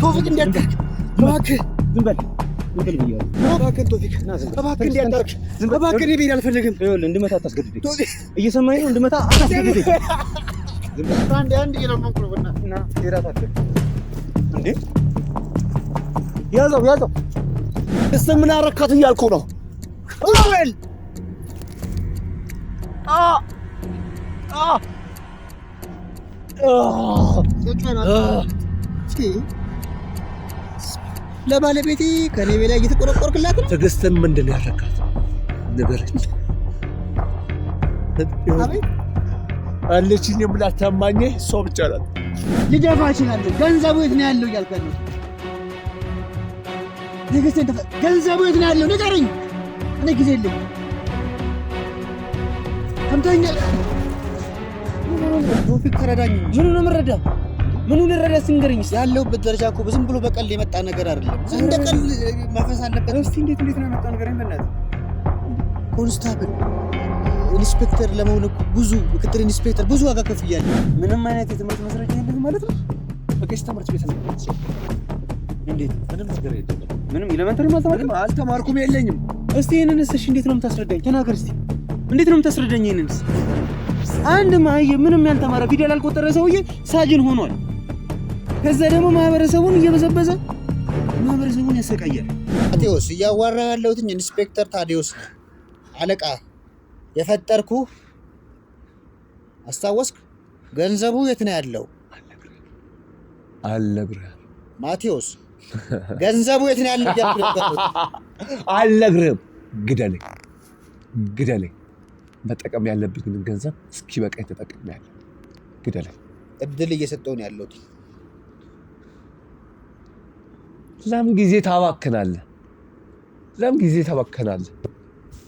ቶፊቅ እንዳታርክ እባክህን ቶፊቅ አልፈልግም። እንድመታ አታስገድደኝ። እየሰማኸኝ ነው? እንድመታ አታስገድደኝ። ያዘው ያዘው። እስኪ ምን አረካት እያልኩ ነው። ለባለቤቴ ከኔ በላይ እየተቆረቆርክላት ነው። ትዕግስትን ምንድን ነው ያረካት? ንገረኝ። አለችኝ የምላት ታማኝ እሷ ብቻ ናት። ልደፋ ገንዘቡ የት ነው ያለው እያልኩ ያለው ትዕግስትን፣ ገንዘቡ የት ነው ያለው ንገረኝ። እኔ ጊዜ የለኝም። ከምታኛል ፊት ተረዳኝ። ምኑ ነው የምረዳው? ምኑ ልረዳ ስንገርኝ ያለሁበት ደረጃ እኮ ዝም ብሎ በቀል የመጣ ነገር አይደለም። እንደ ቀል ማፈስ አለበት። እስቲ እንዴት እንዴት ነው የመጣ ነገር ይመናል። ኮንስታብል ኢንስፔክተር ለመሆን ብዙ ምክትል ኢንስፔክተር ብዙ ዋጋ ከፍያለሁ። ምንም አይነት የትምህርት መስረጃ የለህም ማለት ነው። በቀስ ትምህርት ቤት ነው። እንዴት ምንም ነገር የለም። ምንም ኢለመንተሪ ማስተማር አልተማርኩም የለኝም። እስቲ ይሄንንስ እስሽ እንዴት ነው የምታስረዳኝ? ተናገር እስቲ፣ እንዴት ነው የምታስረዳኝ? ይሄንንስ አንድ ማየ ምንም ያልተማረ ፊደል ያልቆጠረ ሰውዬ ሳጅን ሆኗል። ከዛ ደግሞ ማህበረሰቡን እየበዘበዘ ማህበረሰቡን ያሰቃያል። ታዲዮስ እያዋራ ያለሁት ኢንስፔክተር ታዲዮስ ነው። አለቃ የፈጠርኩ አስታወስክ? ገንዘቡ የት ነው ያለው? አለ ማቴዎስ፣ ገንዘቡ የት ነው ያለው? አልነግርህም። ግደለኝ፣ ግደለኝ። መጠቀም ያለብኝን ገንዘብ እስኪበቃኝ ተጠቅሜያለሁ። ግደለኝ። እድል እየሰጠውን ያለሁት ለምን ጊዜ ታባክናለህ? ለምን ጊዜ ታባክናለህ?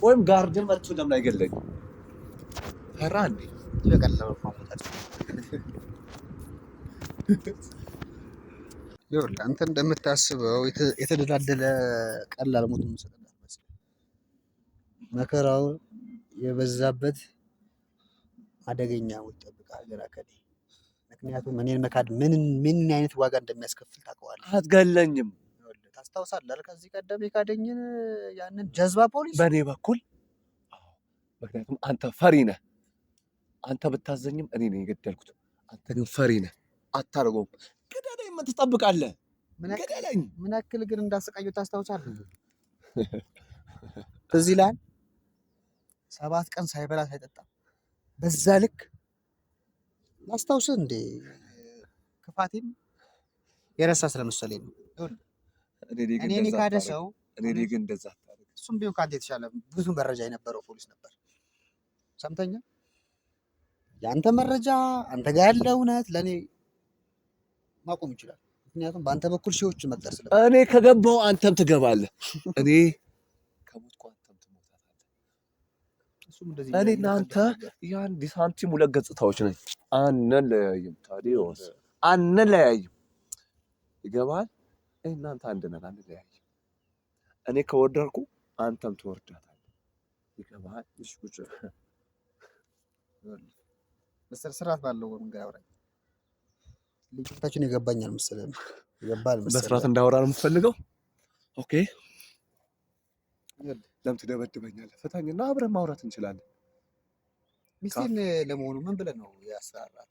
ወይም ጋርድን መጥቶ ለምን አይገለኝ? ፈራ እንዴ? አንተ እንደምታስበው የተደላደለ ቀላል ሞት መከራው የበዛበት አደገኛ ሞት ይጠብቃል። ገራከዴ ምክንያቱም እኔን መካድ ምን ምን አይነት ዋጋ እንደሚያስከፍል ታውቀዋለህ። አትገለኝም ታስታውሳለህ? ከዚህ ቀደም የካደኝን ያንን ጀዝባ ፖሊስ በእኔ በኩል ምክንያቱም አንተ ፈሪ ነህ። አንተ ብታዘኝም እኔ ነው የገደልኩት። አንተ ግን ፈሪ ነህ፣ አታደርገውም። ገዳላይ ምን ትጠብቃለህ? ምን ያክል ግን እንዳሰቃየው ታስታውሳለህ? እዚህ ላይ ሰባት ቀን ሳይበላ ሳይጠጣ በዛ ልክ ላስታውስህ እንዴ? ክፋቴን የረሳ ስለመሰለኝ ነው። እኔን ሰው ሬዴ ግን እንደዛ እሱም ቢሆን ከአንተ የተሻለ ብዙ መረጃ የነበረው ፖሊስ ነበር። ሰምተኛ የአንተ መረጃ አንተ ጋር ያለ እውነት ለእኔ ማቆም ይችላል። ምክንያቱም በአንተ በኩል ሺዎች መቅጠር ስለ እኔ ከገባው አንተም ትገባለህ። እኔ ከሞትኩ አንተም ትሞታለህ። እኔ እናንተ የአንድ ሳንቲም ሁለት ገጽታዎች ነኝ። አንለያይም። ታዲያ አንለያይም። ይገባል እናንተ አንድ ነን አንለያይ። እኔ ከወደድኩ አንተም ትወርዳታለህ። ይገባሃል? እሺ ቁጭ መሰለህ ስርዓት ባለው ጋር አውራኝ። ልጅታችን ይገባኛል መሰለህ ይገባል መሰለህ በስርዓት እንዳወራ ነው የምፈልገው። ኦኬ ለምን ትደበድበኛለህ? ፍታኝና አብረን ማውራት እንችላለን። ሚስቴን ለመሆኑ ምን ብለን ነው ያሰራራት?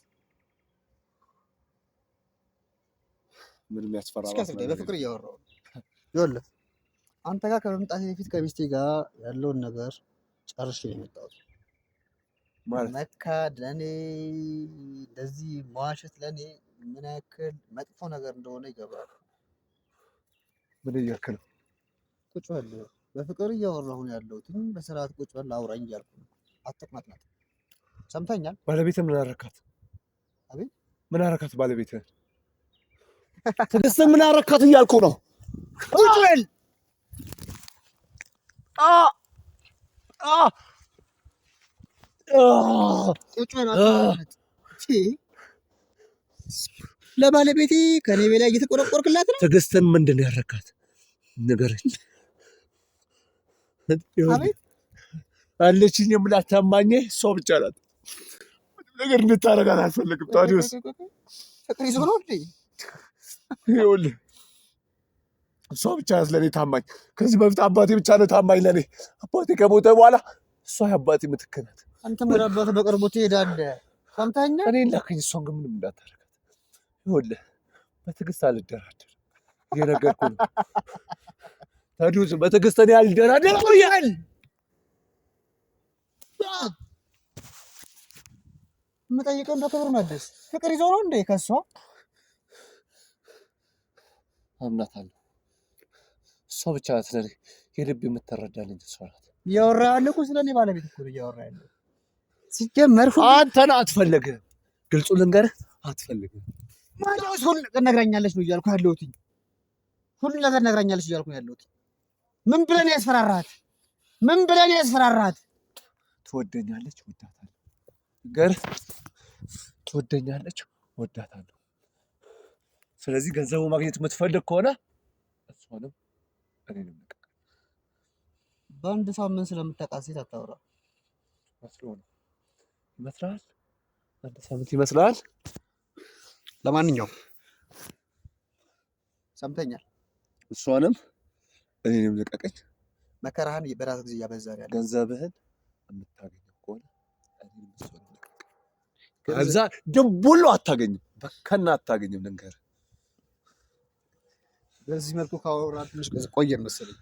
ምንም ያስፈራ በፍቅር እያወራሁ ይኸውልህ አንተ ጋር ከመምጣት በፊት ከሚስቴ ጋር ያለውን ነገር ጨርሼ ነው የመጣሁት። መካድ ለእኔ እንደዚህ መዋሸት ለእኔ ምን ያክል መጥፎ ነገር እንደሆነ ይገባል። ምን እያክል ነው? ቁጭ በል በፍቅር እያወራሁ ነው ያለሁት። በስርዓት ቁጭ በል አውራኝ እያልኩ ነው። አትቅመጥመጥ። ሰምተኛል። ባለቤትህ ምን አረካት? አቤት ምን አረካት ባለቤትህ? ትግስት ምን አረካት እያልኩ ነው። ቁጭል ለባለቤቴ ከኔ በላይ እየተቆረቆርክላት ነው። ትግስትን ምንድን ያረካት ንገረኝ። አለችኝ የምላት ታማኝ እሷ ብቻ ናት። ነገር እንድታረጋት አልፈልግም። ታዲዮስ ይኸውልህ እሷ ብቻ ናት ለእኔ ታማኝ። ከዚህ በፊት አባቴ ብቻ ነው ታማኝ ለእኔ። አባቴ ከሞተ በኋላ እሷ የአባቴ ምትክ ናት። አንተም ወደ አባትህ በቅርቡ ትሄዳለህ። ሰምተኸኛል? እኔ ላከኝ። እሷን ግን ምንም እንዳታረጋት። ይኸውልህ በትዕግስት አልደራደር እየነገርኩህ ነው። ታዲዮስ በትዕግስት እኔ አልደራደርም ብያለሁ። የምጠይቀውን በክብር መለስ። ፍቅር ይዞ ነው እንዴ ከእሷ አምናታለሁ። እሷ ብቻ ናት ለኔ የልብ የምትረዳልኝ እሷ ናት። እያወራህ ያለ እኮ ስለ እኔ ባለቤት እኮ እያወራህ ያለ ሲጀመር አንተን አትፈልግህም። ግልጹን ልንገርህ አትፈልግህም። ማለውስ ሁሉ ነገር ነግራኛለች ነው እያልኩ ያለሁት ሁሉ ነገር ነግራኛለች እያልኩ ያለሁት። ምን ብለን ያስፈራራት? ምን ብለን ያስፈራራት? ትወደኛለች፣ ወዳታለሁ። ገር ትወደኛለች፣ ወዳታለሁ ስለዚህ ገንዘቡ ማግኘት የምትፈልግ ከሆነ እሷንም እኔንም በአንድ ሳምንት ስለምታውቃት ሴት አታውራ። መስሎ ነው ይመስላል። አንድ ሳምንት ይመስላል። ለማንኛውም ሰምተኛል። እሷንም እኔንም ልቀቀኝ። መከራህን በራስ ጊዜ እያበዛር ያለ ገንዘብህን የምታገኘው ከሆነ እኔንም እሷንም ደቡሎ አታገኝም፣ በከና አታገኝም። ልንገርህ በዚህ መልኩ ካወራ ትንሽ ቆየ መሰለኝ።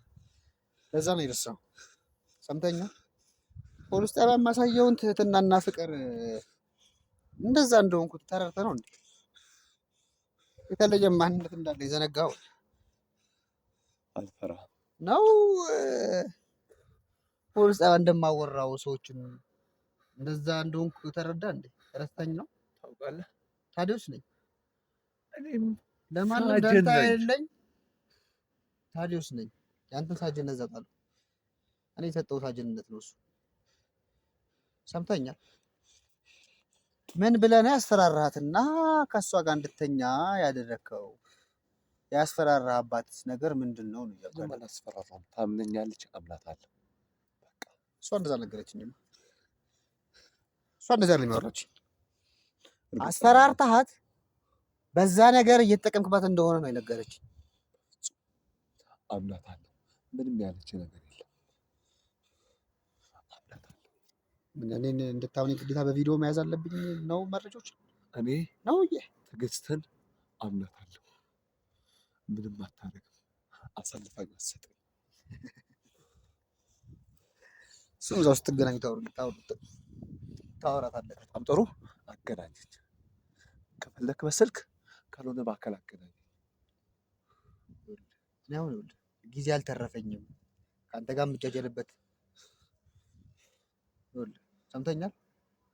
ለዛ ነው የረሳው። ሰምተኛ ፖሊስ ጣቢያ የማሳየውን ትህትናና ፍቅር እንደዛ እንደሆንኩት ተረርተ ነው እንዴ? የተለየ ማንነት እንዳለ የዘነጋው አልፈራ ነው። ፖሊስ ጣቢያ እንደማወራው ሰዎችን እንደዛ እንደሆንኩ ተረዳ እንዴ? ረስተኝ ነው ታውቃለህ። ታዲዮስ ነኝ። ለማንም ደንታ የለኝ ታዲዮስ ነኝ። የአንተን ሳጅነት ዘጣለሁ። እኔ የሰጠው ሳጅንነት ነው እሱ። ሰምተኛል። ምን ብለህ ያስፈራራትና ያስፈራራሃትና ከእሷ ጋር እንድተኛ ያደረግከው? ያስፈራራህባት ነገር ምንድን ነው? ያስፈራራል። ታምነኛለች፣ አምናታለሁ። እሷ እንደዛ ነገረችኝ። እሷ እንደዛ ያለ የሚያወራች አስፈራርታሃት በዛ ነገር እየተጠቀምክባት እንደሆነ ነው የነገረችኝ። አምናታለሁ። ምንም ያለች ነገር የለም። እኔን እንድታምኝ ግዴታ በቪዲዮ መያዝ አለብኝ ነው መረጃዎች እኔ ነው ዬ ትዕግስትን አምናታለሁ። ምንም አታደርግም። አሳልፋኝ አትሰጥም። እሱም እዛው ስትገናኙ ታወራታለህ። በጣም ጥሩ አገናኘች። ከፈለክ በስልክ ካልሆነ በአካል አገናኘች። ነው አሁን ጊዜ አልተረፈኝም ከአንተ ጋር የምጃጀልበት ሰምተኛል።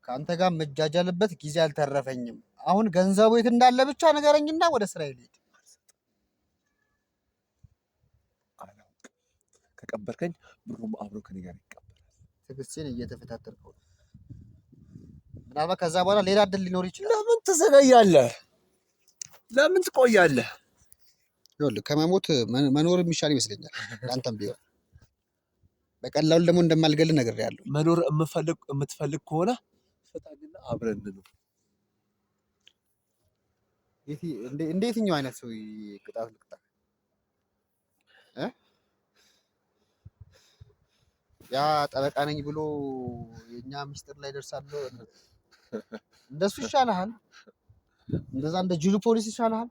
ከአንተ ጋር የምጃጀልበት ጊዜ አልተረፈኝም። አሁን ገንዘቡ የት እንዳለ ብቻ ንገረኝና ወደ ስራ ልሄድ። ከቀበርከኝ ብሩም አብሮ ከኔ ጋር ይቀበላል። ትዕግስቴን እየተፈታተርከው ነው። ምናልባት ከዛ በኋላ ሌላ እድል ሊኖር ይችላል። ለምን ትዘገያለህ? ለምን ትቆያለህ? ይኸውልህ ከመሞት መኖር የሚሻል ይመስለኛል። አንተም ቢሆን በቀላሉ ደግሞ እንደማልገልህ ያለው መኖር የምትፈልግ ከሆነ ፈጣንና አብረን እንደ የትኛው አይነት ሰው ቅጣት ልቅጣ? ያ ጠበቃ ነኝ ብሎ የእኛ ምስጢር ላይ ደርሳለሁ። እንደሱ ይሻልሃል። እንደዛ እንደ ጁሉ ፖሊስ ይሻልሃል።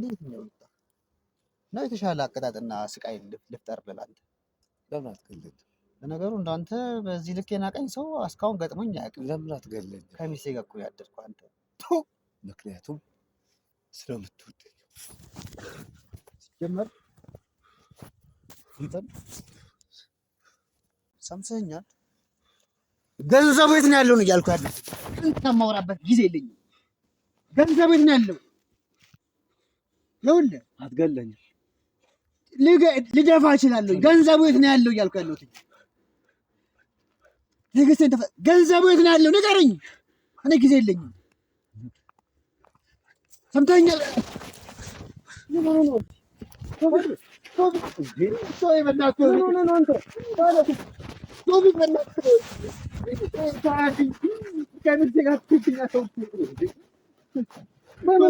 እንዴት ነው የወጣ እና የተሻለ አቀጣጥና ስቃይ ልፍጠር ልላለ ለምን አትገለኝ? ለነገሩ እንዳንተ በዚህ ልክ የናቀኝ ሰው እስካሁን ገጥሞኝ አያውቅም። ለምን አትገለኝ? ከሚሴ ጋር እኮ ያደርኩ አንተ። ምክንያቱም ስለምትወደኝ ጀመር እንትን ሰምሰኛል። ገንዘብ ቤት ነው ያለውን እያልኩ ያለ እንትን ማውራበት ጊዜ የለኝም። ገንዘብ ቤት ነው ያለው ይኸውልህ አትገለኝም። ልደፋ እችላለሁ። ገንዘቡ የት ነው ያለው እያልኩ ያለሁት ንግስቴን ተፈ ገንዘቡ የት ነው ያለው ንገረኝ። እኔ ጊዜ የለኝም። ሰምተኛል። ምን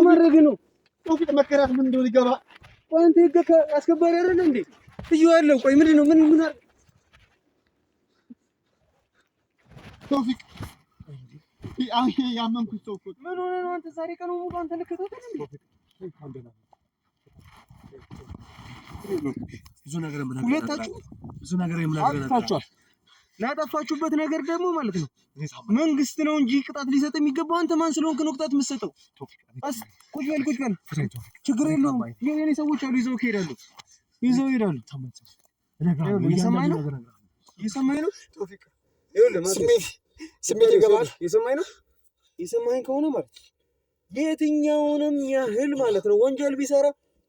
ማድረግ ነው? ቶፊቅ መከራት ምን እንደሆነ ይገባ። ቆይ አንተ ህግ አስከባሪ አይደለ እንዴ? እየዋለው ቆይ ምንድን ነው? ምን ምን አር ቶፊቅ ያመንኩት ሰው እኮ ምን ሆነ ነው? አንተ ዛሬ ቀኑ ሙሉ አንተ ልክ ተወተን እንዴ? ብዙ ነገር ብዙ ነገር የምናገራችኋል ላጠፋችሁበት ነገር ደግሞ ማለት ነው መንግስት ነው እንጂ ቅጣት ሊሰጥ የሚገባው። አንተ ማን ስለሆንክ ነው ቅጣት የምትሰጠው? ቁጭ በል ቁጭ በል፣ ችግር የለውም። የኔ ሰዎች አሉ፣ ይዘው ይሄዳሉ፣ ይዘው ይሄዳሉ። የሰማኝ ነው፣ ነው፣ ስሜት ይገባል። ነው፣ ከሆነ ማለት የትኛውንም ያህል ማለት ነው ወንጀል ቢሰራ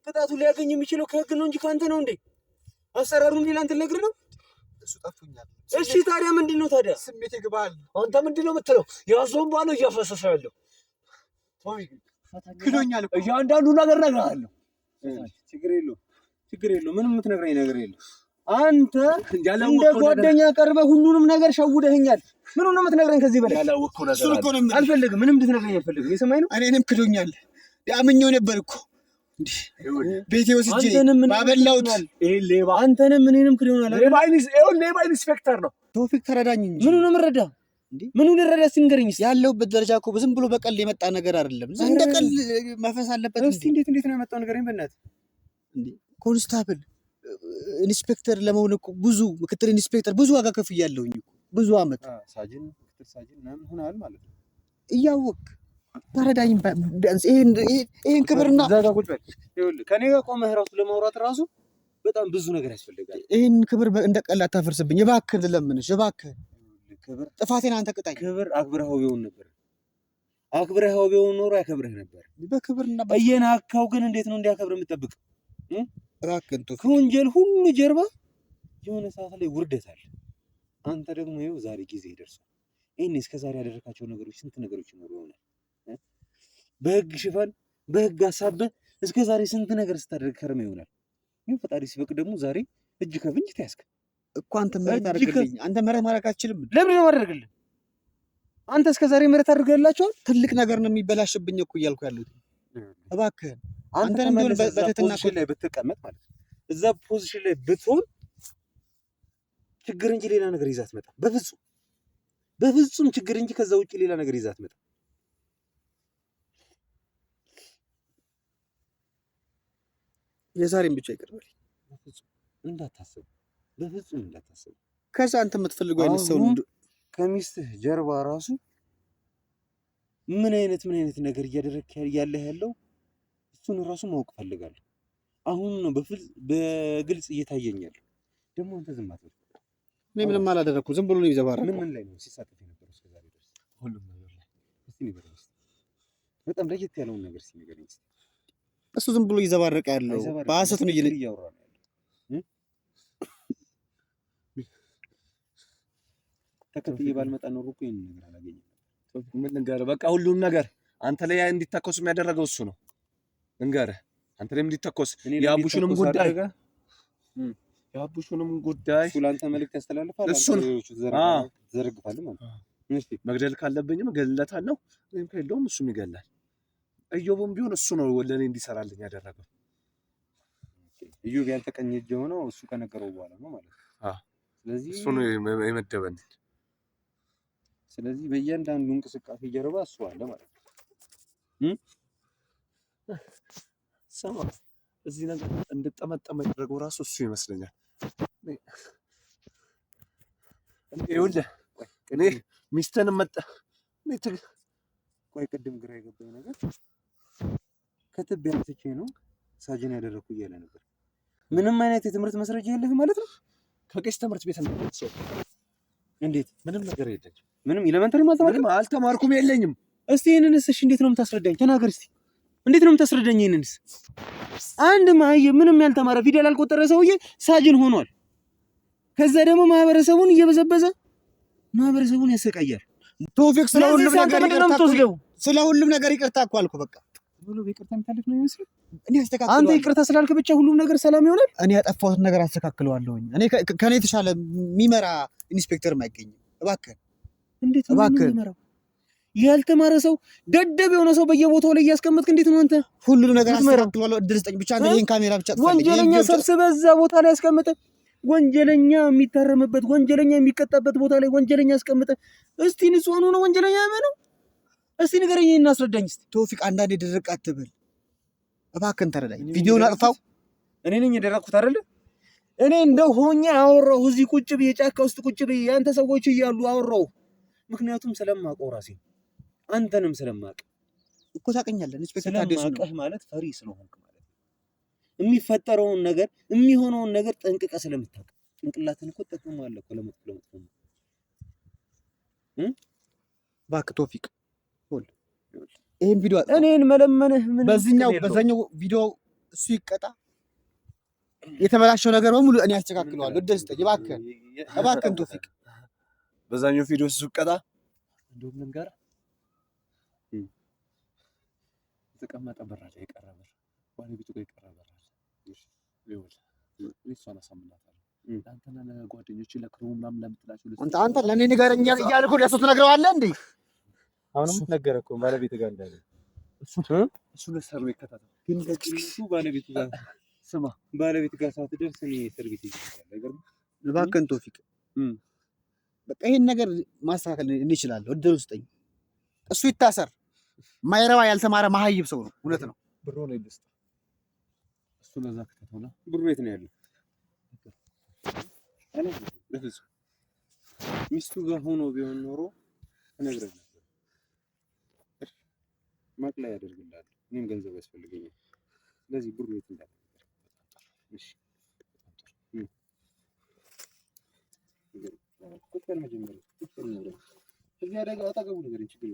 ቅጣቱ ሊያገኝ የሚችለው ከህግ ነው እንጂ ከአንተ ነው እንዴ? አሰራሩን ሌላ እንትን ነግር ነው እሱ ጠፍቶኛል። እሺ ታዲያ ምንድን ነው ታዲያ ስሜት ይግባል። አንተ ምንድን ነው የምትለው? ያዞን ባለ እያፈሰሰ ያለው ክዶኛል። እያንዳንዱ ነገር እነግርሃለሁ። ችግር የለውም፣ ችግር የለውም። ምንም የምትነግረኝ ነገር የለም። አንተ እንደ ጓደኛ ቀርበህ ሁሉንም ነገር ሸውደህኛል። ምን ነው የምትነግረኝ ከዚህ በላይ? አልፈልግም፣ ምንም እንድትነግረኝ አልፈልግም። የሰማኝ ነው። እኔንም ክዶኛል። አምኜው ነበር እኮ ቤቴ ወስጄ ባበላሁት አንተንም እኔንም ክሊሆናል። ሌባ ኢንስፔክተር ነው ቶፊክ ተረዳኝ እንጂ ምኑ ነው ምረዳ ምኑ ልረዳ እስኪ ንገረኝ። ያለሁበት ደረጃ እኮ ዝም ብሎ በቀል የመጣ ነገር አይደለም። እንደ ቀል መፈስ አለበት። እስቲ እንዴት እንዴት ነው የመጣው ንገረኝ በእናትህ። ኮንስታብል ኢንስፔክተር ለመሆን እኮ ብዙ ምክትል ኢንስፔክተር ብዙ ዋጋ ከፍያለሁኝ ብዙ አመት ሳጅን ምክትል ሳጅን ምናምን ሆናል ማለት ነው እያወቅህ ተረዳኝ። ቢያንስ ይህን ክብርና ከኔ ጋር ቆመህ ራሱ ለማውራት ራሱ በጣም ብዙ ነገር ያስፈልጋል። ይህን ክብር እንደቀላ ታፈርስብኝ። እባክህን ልለምንሽ፣ እባክህን ጥፋቴን አንተ ቅጣኝ። ክብር አክብረኸው ቢሆን ነበር አክብረኸው ቢሆን ኖሮ ያከብርህ ነበር። በክብርና እየናካው ግን እንዴት ነው እንዲያከብር የምጠብቅ? እባክህን ከወንጀል ሁሉ ጀርባ የሆነ ሰዓት ላይ ውርደት አለ። አንተ ደግሞ ይኸው ዛሬ ጊዜ ይደርሳል። ይህን እስከዛሬ ያደረካቸው ነገሮች ስንት ነገሮች ይኖሩ ይሆናል በህግ ሽፋን በህግ አሳበህ እስከ ዛሬ ስንት ነገር ስታደርግ ከርመ ይሆናል። ይህ ፈጣሪ ሲበቅ ደግሞ ዛሬ እጅ ከፍንጅ ተያዝክ እኮ አንተ ምህረት አድርግልኝ። አንተ ምህረት ማድረግ አትችልም። ለምን ነው ማድረግልህ? አንተ እስከ ዛሬ ምህረት አድርገላቸዋል። ትልቅ ነገር ነው የሚበላሽብኝ እኮ እያልኩ ያሉት። እባክህ አንተ እንደሆነ በትህትና ላይ ብትቀመጥ ማለት ነው እዛ ፖዚሽን ላይ ብትሆን ችግር እንጂ ሌላ ነገር ይዛት መጣ። በፍጹም በፍጹም ችግር እንጂ ከዛ ውጭ ሌላ ነገር ይዛት መጣ የዛሬን ብቻ ይቀርባል። እንዳታስብ፣ በፍጹም እንዳታስብ። ከዛ አንተ የምትፈልገው አይነት ሰው ከሚስትህ ጀርባ ራሱ ምን አይነት ምን አይነት ነገር እያደረግ ያለህ ያለው እሱን ራሱ ማወቅ ፈልጋለሁ። አሁን ነው በግልጽ እየታየኝ ያለው። ደግሞ አንተ ዝም አትበል። እኔ ምንም አላደረግኩም። ዝም ብሎ ነው ይዘባረ። ምን ምን ላይ ነው ሲሳተፍ የነበረው እስከ ዛሬ ድረስ? ሁሉም ነገር ላይ በጣም ለየት ያለውን ነገር ሲነገር ይመስል እሱ ዝም ብሎ እየዘባረቀ ያለው በሐሰት ነው እያወራ ተከትዬ ባልመጣ ኖሮ እኮ ይሄን ነገር አላገኘም። ምን ልንገርህ፣ በቃ ሁሉም ነገር አንተ ላይ እንዲተኮስ የሚያደረገው እሱ ነው። ልንገርህ፣ አንተ ላይ እንዲተኮስ የአቡሹንም ጉዳይ የአቡሹንም ጉዳይ እሱ ለአንተ መልዕክት ያስተላልፋል። እሱ ነው መግደል ካለብኝም እገልለታለሁ፣ ወይም ከሌለውም እሱም ይገላል። እዮብም ቢሆን እሱ ነው ለእኔ እንዲሰራልኝ ያደረገው። እዮብ ያልተቀኘ እጅ የሆነው እሱ ከነገረው በኋላ ነው ማለት ነው። ስለዚህ እሱ ነው የመደበልኝ። ስለዚህ በእያንዳንዱ እንቅስቃሴ ጀርባ እሱ አለ ማለት ነው። ስማ እዚህ ነገር እንድጠመጠመ ያደረገው ራሱ እሱ ይመስለኛል። ይኸውልህ እኔ ሚስትህን መጣ። ቆይ ቅድም ግራ የገባኝ ነገር ከትብ አንስቼ ነው ሳጅን ያደረግኩ እያለ ነበር። ምንም አይነት የትምህርት መስረጃ የለህ ማለት ነው? ከቄስ ትምህርት ቤት ነው። እንዴት? ምንም ነገር የለኝ። ምንም ኢለመንተሪ ማዘማት አልተማርኩም፣ የለኝም። እስቲ ይህንንስ እሺ፣ እንዴት ነው የምታስረዳኝ? ተናገር እስቲ፣ እንዴት ነው የምታስረዳኝ? ይህንንስ አንድ ማየ ምንም ያልተማረ ፊደል ያልቆጠረ ሰውዬ ሳጅን ሆኗል። ከዛ ደግሞ ማህበረሰቡን እየበዘበዘ ማህበረሰቡን ያሰቃያል። ቶፊክ ስለሁሉም ነገር ይቅርታ እኮ አልኩ በቃ ብሎ ይቅርታ የሚፈልግ ነው ይመስል አንተ ይቅርታ ስላልክ ብቻ ሁሉም ነገር ሰላም ይሆናል። እኔ ያጠፋሁትን ነገር አስተካክለዋለሁኝ። እኔ ከኔ የተሻለ የሚመራ ኢንስፔክተር አይገኝም። እባክህ እንዴት እባክህ ያልተማረ ሰው ደደብ የሆነ ሰው በየቦታው ላይ እያስቀመጥክ እንዴት ነው አንተ? ሁሉንም ነገር አስተካክለዋለሁ። እድል ስጠኝ ብቻ ይህን ካሜራ ብቻ ወንጀለኛ ሰብስበህ እዛ ቦታ ላይ ያስቀምጠ ወንጀለኛ የሚታረምበት ወንጀለኛ የሚቀጣበት ቦታ ላይ ወንጀለኛ ያስቀምጠ። እስቲ ንጹህ ሆኖ ነው ወንጀለኛ ያመነው እስቲ ንገረኝ እናስረዳኝ። እስቲ ቶፊቅ አንዳንዴ ደረቅ አትበል እባክህን፣ ተረዳኝ። ቪዲዮውን አጥፋው። እኔ ነኝ የደረቅኩት አይደለ? እኔ እንደው ሆኜ አወራሁ እዚህ ቁጭ ብዬ ጫካ ውስጥ ቁጭ ብዬ ያንተ ሰዎች እያሉ አወራሁ። ምክንያቱም ስለማውቀው ራሴ አንተንም ስለማውቅ እኮ ታውቀኛለህ። ኢንስፔክተር ታደሱ ስለማውቅህ ማለት ፈሪ ስለሆንክ ማለት የሚፈጠረውን ነገር የሚሆነውን ነገር ጠንቅቀህ ስለምታውቅ ጭንቅላትን እኮ ትጠቀመዋለህ እኮ ለመጥፎ ለመጥፎ እባክህ ቶፊቅ ይሄን ቪዲዮ እኔን መለመንህ ምን? በዚህኛው በዛኛው ቪዲዮ እሱ ይቀጣ። የተበላሸው ነገር በሙሉ እኔ ያስተካክለዋል። እድል ስጠኝ እባክህን፣ እባክህን ቶፊቅ። በዛኛው ቪዲዮ እሱ ይቀጣ። እንደውም ምን የተቀመጠ ብር አለ፣ የቀረ ብር ባለቤቱ ጋር የቀረ ብር አለ። እሷን አሳምናታለሁ። ለአንተና ለጓደኞች ለክሩ ምናምን ለምትላቸው አንተ ለእኔ ንገረኝ ለእሱ ትነግረዋለህ እንዴ? አሁንም ነገር እኮ ባለቤት ጋር እንዳለ እሱ እሱ ለሰርቤ ይከታተል ግን እሱ ባለቤት ጋር ስማ፣ ባለቤት ጋር ሳትደርስ እኔ እስር ቤት ይችላል። እባክህን ቶፊቅ በቃ ይሄን ነገር ማስተካከል እንችላለሁ። እድል ስጠኝ። እሱ ይታሰር። ማይረባ ያልተማረ መሀይብ ሰው ነው። እውነት ነው። ብሩ ነው ይልስጥ እሱ ለዛ ከተተውና ብሩ የት ነው ያለው? ሚስቱ ጋር ሆኖ ቢሆን ኖሮ እነግርህ ላይ ያደርግላል? እኔም ገንዘብ ያስፈልገኛል። ስለዚህ ብሩ የት እንዳለ ነገር አጠገቡ ነገር ችግር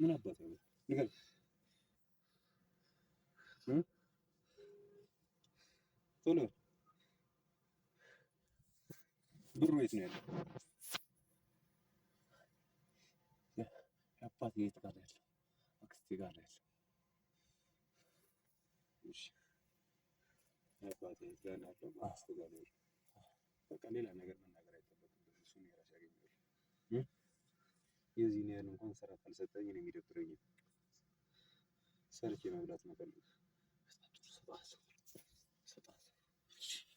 ምን አባት ነው ነገር ቶሎ ብሩ የት ነው ያለው? አባት የት ጋር ያለ እስቲ ሌላ ነገር መናገር አይጠበቅብህም። እሱን የራሴ የዚህን ያህል እንኳን ስራ ካልሰጠኝ ነው የሚደብረኝ። ሰርቼ መብላት መፈልግ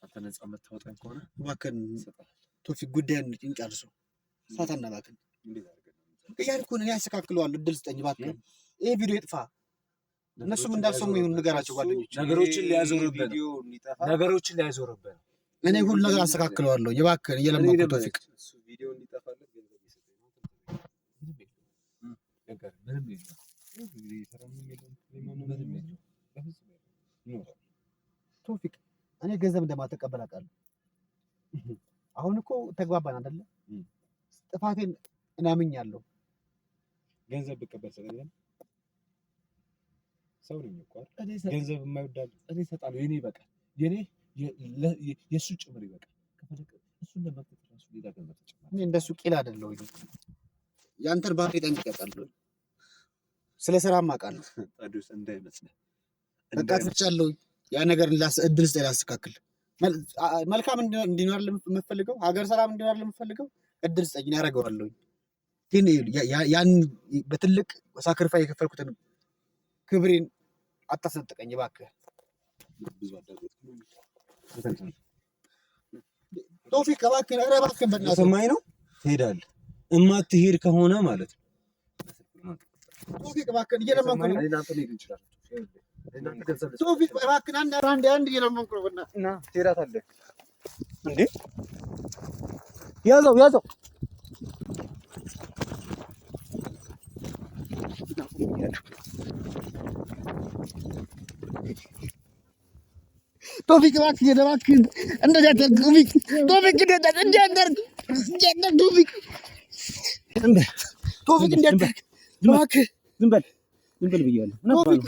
አንተ ነፃ ከሆነ እባክህን ቶፊክ ጉዳይ ጨርሰው ሳታና እባክህን እያልኩህ እኔ አስተካክለዋለሁ። እድል ስጠኝ እባክህን ይሄ ቪዲዮ ይጥፋ። እነሱም እንዳልሰሙ ይሁን ንገራቸው ጓደኞች። ነገሮችን ሊያዞርብን ነገሮችን ሊያዞርብን እኔ ሁሉ ነገር አስተካክለዋለሁ። የባክህን እየለመንኩ ቶፊቅ ቶፊቅ እኔ ገንዘብ እንደማትቀበል አውቃለሁ። አሁን እኮ ተግባባን አይደለ? ጥፋቴን እናምኛለሁ። ገንዘብ ብቀበል ሰው ነኝ እኮ ገንዘብ የማይወዳል እኔ እሰጣለሁ። የኔ ይበቃል፣ የኔ የእሱ ጭምር ይበቃል። እሱን ለመግለጽ ራሱ ሌላ ገንዘብ ተጨማሪ እንደሱ ቂል አደለው። የአንተን ባህሪ ጠንቅቄ አውቃለሁ። ስለ ስራ አውቃለሁ። ታዲያስ በቃ ትፍጫለሁ። ያ ነገር እድል ስጠ ላስተካክል። መልካም እንዲኖር የምፈልገው ሀገር ሰላም እንዲኖር የምፈልገው እድል ስጠኝ፣ ያደርገዋለሁ። ግን ያን በትልቅ ሳክሪፋይ የከፈልኩትን ክብሬን አታሰጥቀኝ እባክህ። ቶፊክ እባክህን፣ ኧረ እባክህን በእናትህ ሰማኝ ነው ትሄዳለህ። እማትሄድ ከሆነ ማለት ነው ቶፊክ እባክህን፣ እየለመንኩ ነው ቶፊክ እባክህን፣ አንድ አንድ አንድ እየለመንኩ ነው በእናትህ። እና ትሄዳታለህ እንዴ? ያዘው ያዘው ቶፊቅ እባክህ እባክህ እንደዚህ አትበል። ቶፊቅ ቶፊቅ እንዲህ አትበል። ቶፊቅ ቶፊቅ እንዲህ አትበል እባክህ። ዝም በል ዝም በል ብያለሁ። ቶፊቅ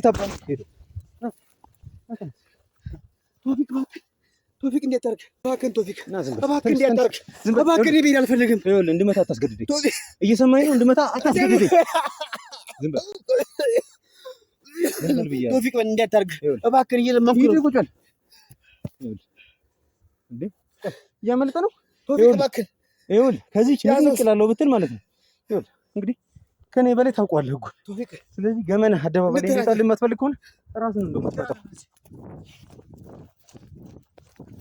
እባክህ ቶፊቅ እንዲያታርግ እባክህን፣ ቶፊቅ እንዴት እንዲያታርግ እባክህን። እኔ ቤት አልፈልግም። ይኸውልህ እንድመታ አታስገድደኝ። እየሰማኸኝ ነው? እንድመታ አታስገድደኝ። ዝም በል ቶፊቅ፣ እንዲያታርግ እባክህን፣ እየለመንኩ ነው። እያመለጠ ነው ቶፊቅ፣ እባክህን። ይኸውልህ ከዚህ እንቅላለሁ ብትል ማለት ነው። ይኸውልህ እንግዲህ ከእኔ በላይ ታውቀዋለህ ቶፊቅ። ስለዚህ ገመና አደባባይ ላይ ልማትፈልግ ከሆነ ራስን እንደማታጠፋ ማን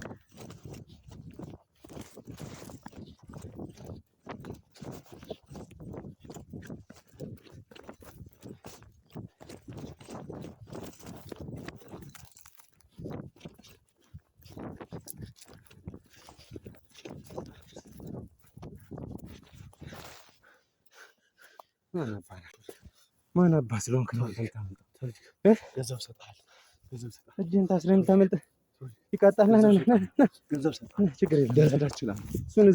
አባስ ስለሆንክ ነው ታምጣ እጅን ታስረን ታመልጥ ይቀጣል። ችግር የለም እሱን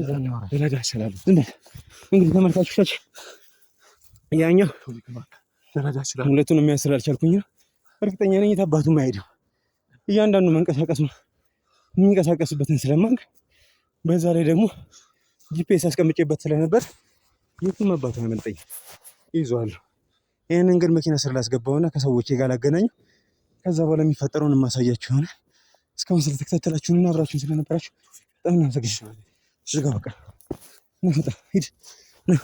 እዛ ልረዳ እችላለሁ። ሁለቱን የሚያስችል አልቻልኩኝ። እርግጠኛ ነኝ የታባቱ አይሄድም። እያንዳንዱ መንቀሳቀስ ነው የሚንቀሳቀስበትን ስለማንቅ በዛ ላይ ደግሞ ጂፒኤስ አስቀምጬበት ስለነበር የቱም አባቱ አይመልጠኝ ይዟል። ይህንን ግን መኪና ስር ላስገባውና ከሰዎቼ ጋር ላገናኘው ከዛ በኋላ የሚፈጠረውን የማሳያችሁ ይሆናል። እስካሁን እና አብራችሁን ስለነበራችሁ በጣም እናመሰግናለን። እሺ ጋ በቃ ነፍጣ ሂድ ነው።